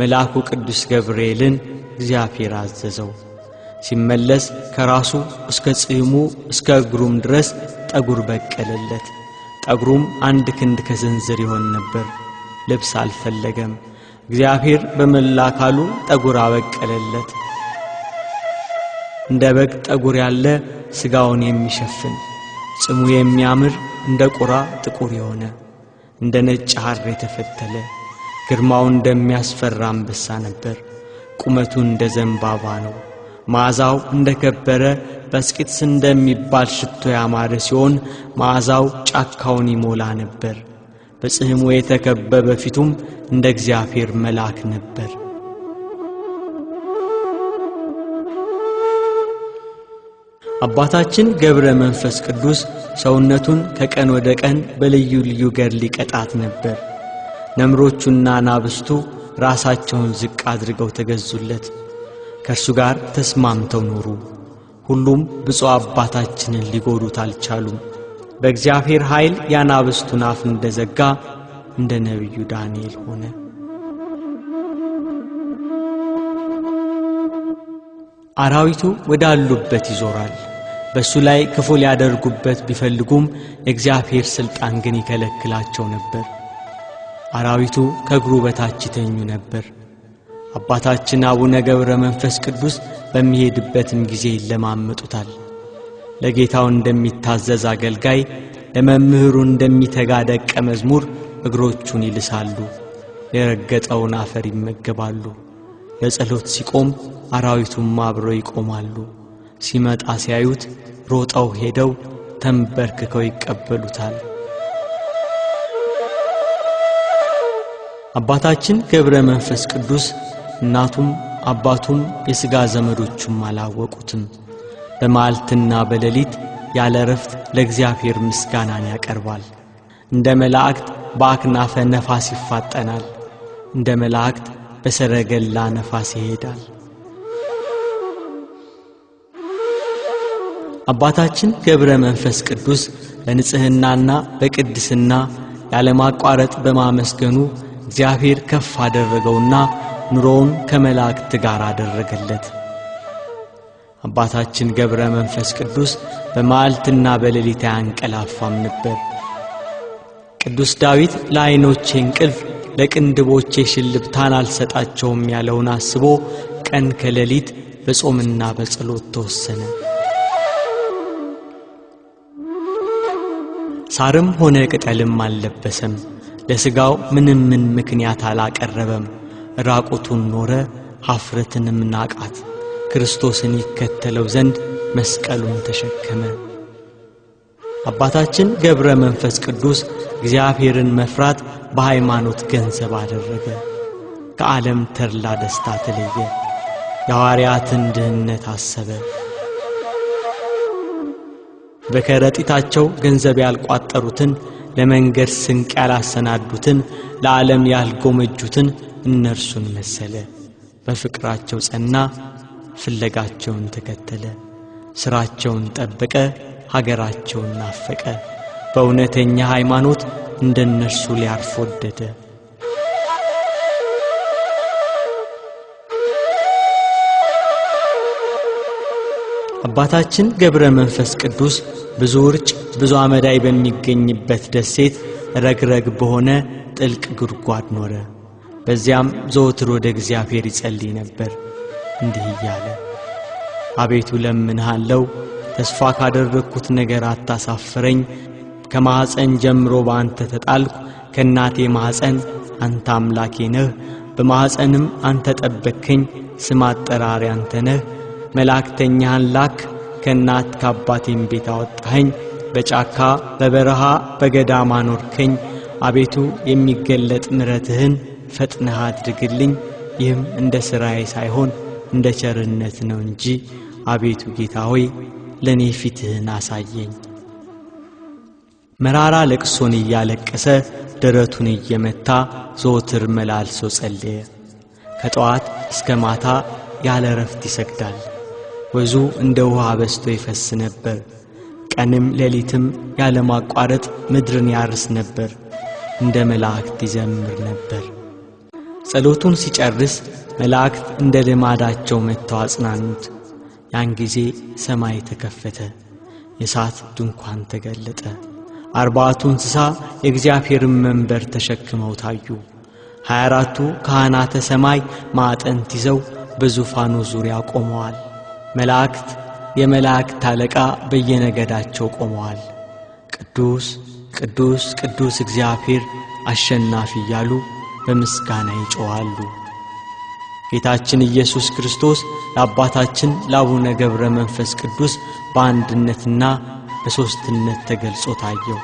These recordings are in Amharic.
መልአኩ ቅዱስ ገብርኤልን እግዚአብሔር አዘዘው። ሲመለስ ከራሱ እስከ ጽሕሙ እስከ እግሩም ድረስ ጠጉር በቀለለት። ጠጉሩም አንድ ክንድ ከዘንዘር ይሆን ነበር። ልብስ አልፈለገም። እግዚአብሔር በመላ አካሉ ጠጉር አበቀለለት። እንደ በግ ጠጉር ያለ ስጋውን የሚሸፍን ጽሙ የሚያምር እንደ ቁራ ጥቁር የሆነ እንደ ነጭ ሐር የተፈተለ ግርማው እንደሚያስፈራ አንበሳ ነበር። ቁመቱ እንደ ዘንባባ ነው። መዓዛው እንደ ከበረ በስቂትስ እንደሚባል ሽቶ ያማረ ሲሆን መዓዛው ጫካውን ይሞላ ነበር። በጽህሙ የተከበበ ፊቱም እንደ እግዚአብሔር መልአክ ነበር። አባታችን ገብረ መንፈስ ቅዱስ ሰውነቱን ከቀን ወደ ቀን በልዩ ልዩ ገር ሊቀጣት ነበር። ነምሮቹና ናብስቱ ራሳቸውን ዝቅ አድርገው ተገዙለት፣ ከእርሱ ጋር ተስማምተው ኖሩ። ሁሉም ብፁ አባታችንን ሊጎዱት አልቻሉም። በእግዚአብሔር ኃይል የአናብስቱን አፍ እንደ ዘጋ እንደ ነቢዩ ዳንኤል ሆነ። አራዊቱ ወዳሉበት ይዞራል። በእሱ ላይ ክፉ ሊያደርጉበት ቢፈልጉም የእግዚአብሔር ሥልጣን ግን ይከለክላቸው ነበር። አራዊቱ ከእግሩ በታች ይተኙ ነበር። አባታችን አቡነ ገብረ መንፈስ ቅዱስ በሚሄድበትም ጊዜ ይለማመጡታል። ለጌታው እንደሚታዘዝ አገልጋይ፣ ለመምህሩ እንደሚተጋ ደቀ መዝሙር እግሮቹን ይልሳሉ፣ የረገጠውን አፈር ይመገባሉ። ለጸሎት ሲቆም አራዊቱም አብረው ይቆማሉ። ሲመጣ ሲያዩት ሮጠው ሄደው ተንበርክከው ይቀበሉታል። አባታችን ገብረ መንፈስ ቅዱስ እናቱም አባቱም የሥጋ ዘመዶቹም አላወቁትም። በማልትና በሌሊት ያለ ረፍት ለእግዚአብሔር ምስጋናን ያቀርባል። እንደ መላእክት በአክናፈ ነፋስ ይፋጠናል። እንደ መላእክት በሰረገላ ነፋስ ይሄዳል። አባታችን ገብረ መንፈስ ቅዱስ በንጽሕናና በቅድስና ያለማቋረጥ በማመስገኑ እግዚአብሔር ከፍ አደረገውና ኑሮውን ከመላእክት ጋር አደረገለት። አባታችን ገብረ መንፈስ ቅዱስ በመዓልትና በሌሊት አያንቀላፋም ነበር። ቅዱስ ዳዊት ለዐይኖቼ እንቅልፍ ለቅንድቦቼ ሽልብታን አልሰጣቸውም ያለውን አስቦ ቀን ከሌሊት በጾምና በጸሎት ተወሰነ። ሳርም ሆነ ቅጠልም አልለበሰም። ለሥጋው ምንም ምን ምክንያት አላቀረበም። ራቁቱን ኖረ፣ ኀፍረትንም ናቃት። ክርስቶስን ይከተለው ዘንድ መስቀሉን ተሸከመ። አባታችን ገብረ መንፈስ ቅዱስ እግዚአብሔርን መፍራት በሃይማኖት ገንዘብ አደረገ። ከዓለም ተርላ ደስታ ተለየ። የሐዋርያትን ድህነት አሰበ። በከረጢታቸው ገንዘብ ያልቋጠሩትን ለመንገድ ስንቅ ያላሰናዱትን ለዓለም ያልጎመጁትን እነርሱን መሰለ። በፍቅራቸው ጸና፣ ፍለጋቸውን ተከተለ። ሥራቸውን ጠበቀ፣ ሀገራቸውን ናፈቀ። በእውነተኛ ሃይማኖት እንደነርሱ ሊያርፍ ወደደ። አባታችን ገብረ መንፈስ ቅዱስ ብዙ ውርጭ ብዙ አመዳይ በሚገኝበት ደሴት ረግረግ በሆነ ጥልቅ ጉድጓድ ኖረ። በዚያም ዘወትር ወደ እግዚአብሔር ይጸልይ ነበር፣ እንዲህ እያለ አቤቱ ለምንሃለው፣ ተስፋ ካደረግኩት ነገር አታሳፍረኝ። ከማኅፀን ጀምሮ በአንተ ተጣልኩ፣ ከእናቴ ማኅፀን አንተ አምላኬ ነህ። በማኅፀንም አንተ ጠበቅከኝ፣ ስም አጠራሪ አንተ ነህ። መላእክተኛህን ላክ ከእናት ከአባቴም ቤት አወጣኸኝ፣ በጫካ በበረሃ በገዳም አኖርከኝ። አቤቱ የሚገለጥ ምረትህን ፈጥነህ አድርግልኝ። ይህም እንደ ሥራዬ ሳይሆን እንደ ቸርነት ነው እንጂ አቤቱ ጌታ ሆይ ለእኔ ፊትህን አሳየኝ። መራራ ለቅሶን እያለቀሰ ደረቱን እየመታ ዘወትር መላልሶ ጸለየ። ከጠዋት እስከ ማታ ያለ ረፍት ይሰግዳል። ወዙ እንደ ውሃ በስቶ ይፈስ ነበር። ቀንም ሌሊትም ያለማቋረጥ ምድርን ያርስ ነበር። እንደ መላእክት ይዘምር ነበር። ጸሎቱን ሲጨርስ መላእክት እንደ ልማዳቸው መጥተው አጽናኑት። ያን ጊዜ ሰማይ ተከፈተ፣ የእሳት ድንኳን ተገለጠ። አርባቱ እንስሳ የእግዚአብሔርን መንበር ተሸክመው ታዩ። ሀያ አራቱ ካህናተ ሰማይ ማዕጠንት ይዘው በዙፋኑ ዙሪያ ቆመዋል። መላእክት የመላእክት አለቃ በየነገዳቸው ቆመዋል። ቅዱስ ቅዱስ ቅዱስ እግዚአብሔር አሸናፊ እያሉ በምስጋና ይጮዋሉ። ጌታችን ኢየሱስ ክርስቶስ ለአባታችን ለአቡነ ገብረ መንፈስ ቅዱስ በአንድነትና በሦስትነት ተገልጾ ታየው።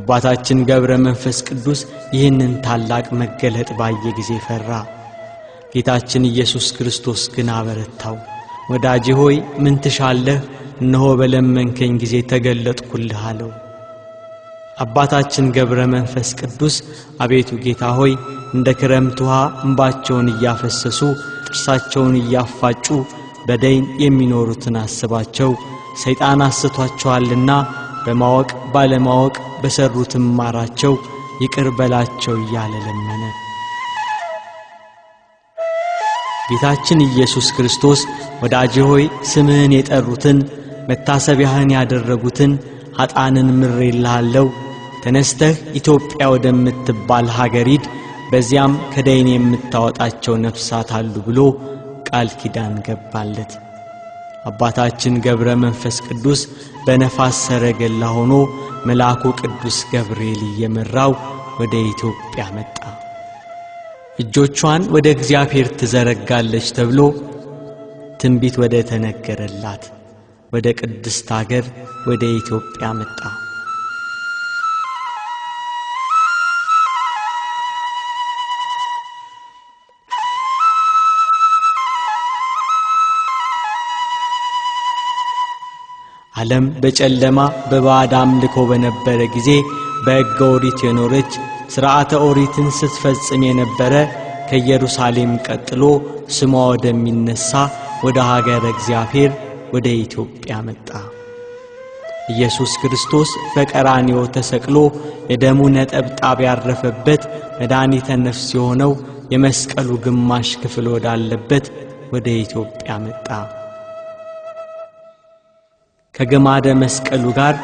አባታችን ገብረ መንፈስ ቅዱስ ይህንን ታላቅ መገለጥ ባየ ጊዜ ፈራ። ጌታችን ኢየሱስ ክርስቶስ ግን አበረታው። ወዳጅ ሆይ ምን ትሻለህ? እነሆ በለመንከኝ ጊዜ ተገለጥኩልህ አለው። አባታችን ገብረ መንፈስ ቅዱስ አቤቱ ጌታ ሆይ እንደ ክረምት ውሃ እንባቸውን እያፈሰሱ ጥርሳቸውን እያፋጩ በደይን የሚኖሩትን አስባቸው። ሰይጣን አስቷቸዋልና በማወቅ ባለማወቅ በሰሩትም ማራቸው፣ ይቅር በላቸው እያለ ለመነ። ጌታችን ኢየሱስ ክርስቶስ ወዳጄ ሆይ ስምህን የጠሩትን መታሰቢያህን ያደረጉትን ኀጣንን ምሬልሃለሁ። ተነስተህ ኢትዮጵያ ወደምትባል ሀገር ሂድ፣ በዚያም ከደይን የምታወጣቸው ነፍሳት አሉ ብሎ ቃል ኪዳን ገባለት። አባታችን ገብረ መንፈስ ቅዱስ በነፋስ ሰረገላ ሆኖ መልአኩ ቅዱስ ገብርኤል እየመራው ወደ ኢትዮጵያ መጣ። እጆቿን ወደ እግዚአብሔር ትዘረጋለች ተብሎ ትንቢት ወደ ተነገረላት ወደ ቅድስት አገር ወደ ኢትዮጵያ መጣ። ዓለም በጨለማ በባዕድ አምልኮ በነበረ ጊዜ በሕገ ኦሪት የኖረች ሥርዓተ ኦሪትን ስትፈጽም የነበረ ከኢየሩሳሌም ቀጥሎ ስሟ ወደሚነሳ ወደ ሀገረ እግዚአብሔር ወደ ኢትዮጵያ መጣ። ኢየሱስ ክርስቶስ በቀራንዮ ተሰቅሎ የደሙ ነጠብጣብ ያረፈበት መድኃኒተ ነፍስ የሆነው የመስቀሉ ግማሽ ክፍል ወዳለበት ወደ ኢትዮጵያ መጣ። ከገማደ መስቀሉ ጋር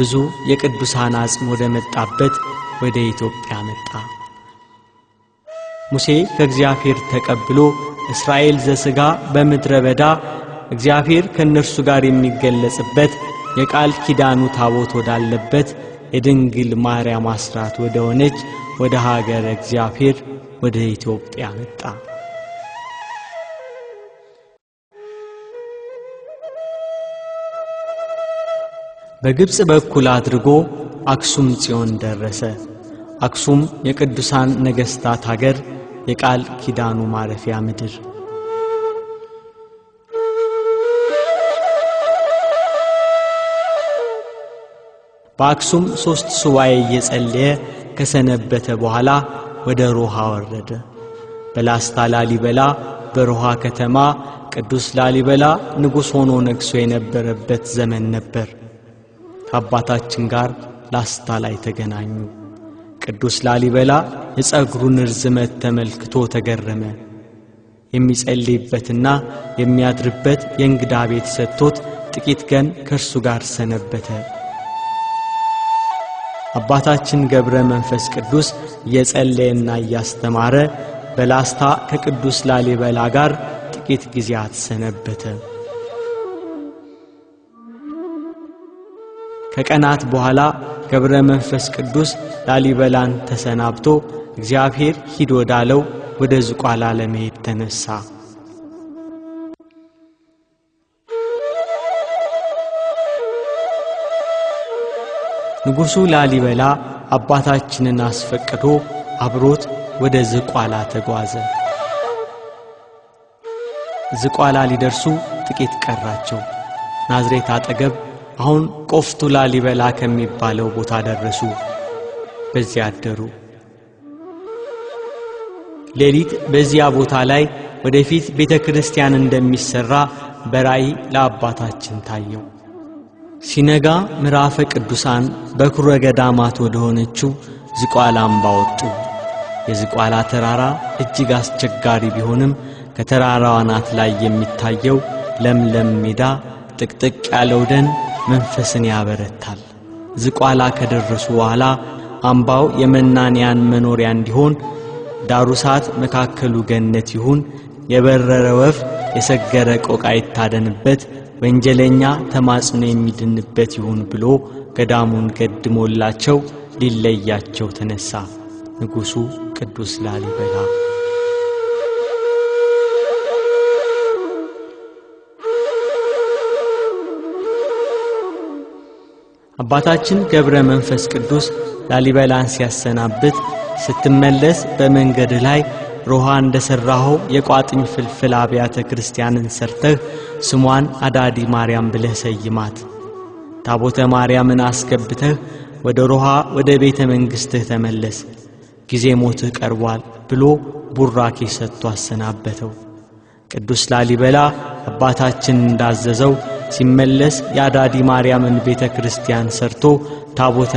ብዙ የቅዱሳን አጽም ወደ መጣበት ወደ ኢትዮጵያ መጣ። ሙሴ ከእግዚአብሔር ተቀብሎ እስራኤል ዘስጋ በምድረ በዳ እግዚአብሔር ከእነርሱ ጋር የሚገለጽበት የቃል ኪዳኑ ታቦት ወዳለበት የድንግል ማርያም አስራት ወደ ሆነች ወደ ሀገር እግዚአብሔር ወደ ኢትዮጵያ መጣ። በግብፅ በኩል አድርጎ አክሱም ጽዮን ደረሰ። አክሱም የቅዱሳን ነገሥታት አገር፣ የቃል ኪዳኑ ማረፊያ ምድር። በአክሱም ሦስት ሱባኤ እየጸለየ ከሰነበተ በኋላ ወደ ሮሃ ወረደ። በላስታ ላሊበላ በሮሃ ከተማ ቅዱስ ላሊበላ ንጉሥ ሆኖ ነግሶ የነበረበት ዘመን ነበር። ከአባታችን ጋር ላስታ ላይ ተገናኙ። ቅዱስ ላሊበላ የፀጉሩን ርዝመት ተመልክቶ ተገረመ። የሚጸልይበትና የሚያድርበት የእንግዳ ቤት ሰጥቶት ጥቂት ገን ከእርሱ ጋር ሰነበተ። አባታችን ገብረ መንፈስ ቅዱስ እየጸለየና እያስተማረ በላስታ ከቅዱስ ላሊበላ ጋር ጥቂት ጊዜያት ሰነበተ። ከቀናት በኋላ ገብረ መንፈስ ቅዱስ ላሊበላን ተሰናብቶ እግዚአብሔር ሂድ ወዳለው ወደ ዝቋላ ለመሄድ ተነሳ። ንጉሡ ላሊበላ አባታችንን አስፈቅዶ አብሮት ወደ ዝቋላ ተጓዘ። ዝቋላ ሊደርሱ ጥቂት ቀራቸው። ናዝሬት አጠገብ አሁን ቆፍቱ ላሊበላ ከሚባለው ቦታ ደረሱ። በዚያ አደሩ። ሌሊት በዚያ ቦታ ላይ ወደፊት ቤተ ክርስቲያን እንደሚሠራ በራእይ ለአባታችን ታየው። ሲነጋ ምዕራፈ ቅዱሳን በኩረ ገዳማት ወደ ሆነችው ዝቋላ አምባ ወጡ። የዝቋላ ተራራ እጅግ አስቸጋሪ ቢሆንም ከተራራው አናት ላይ የሚታየው ለምለም ሜዳ ጥቅጥቅ ያለው ደን መንፈስን ያበረታል። ዝቋላ ከደረሱ በኋላ አምባው የመናንያን መኖሪያ እንዲሆን ዳሩ ሰዓት መካከሉ ገነት ይሁን። የበረረ ወፍ የሰገረ ቆቃ ይታደንበት፣ ወንጀለኛ ተማጽኖ የሚድንበት ይሁን ብሎ ገዳሙን ገድሞላቸው ሊለያቸው ተነሳ ንጉሡ ቅዱስ ላሊበላ። አባታችን ገብረ መንፈስ ቅዱስ ላሊበላን ሲያሰናብት ስትመለስ በመንገድ ላይ ሮሃ እንደሠራኸው የቋጥኝ ፍልፍል አብያተ ክርስቲያንን ሰርተህ ስሟን አዳዲ ማርያም ብለህ ሰይማት። ታቦተ ማርያምን አስገብተህ ወደ ሮሃ ወደ ቤተ መንግሥትህ ተመለስ፣ ጊዜ ሞትህ ቀርቧል ብሎ ቡራኬ ሰጥቶ አሰናበተው። ቅዱስ ላሊበላ አባታችን እንዳዘዘው ሲመለስ የአዳዲ ማርያምን ቤተ ክርስቲያን ሰርቶ ታቦተ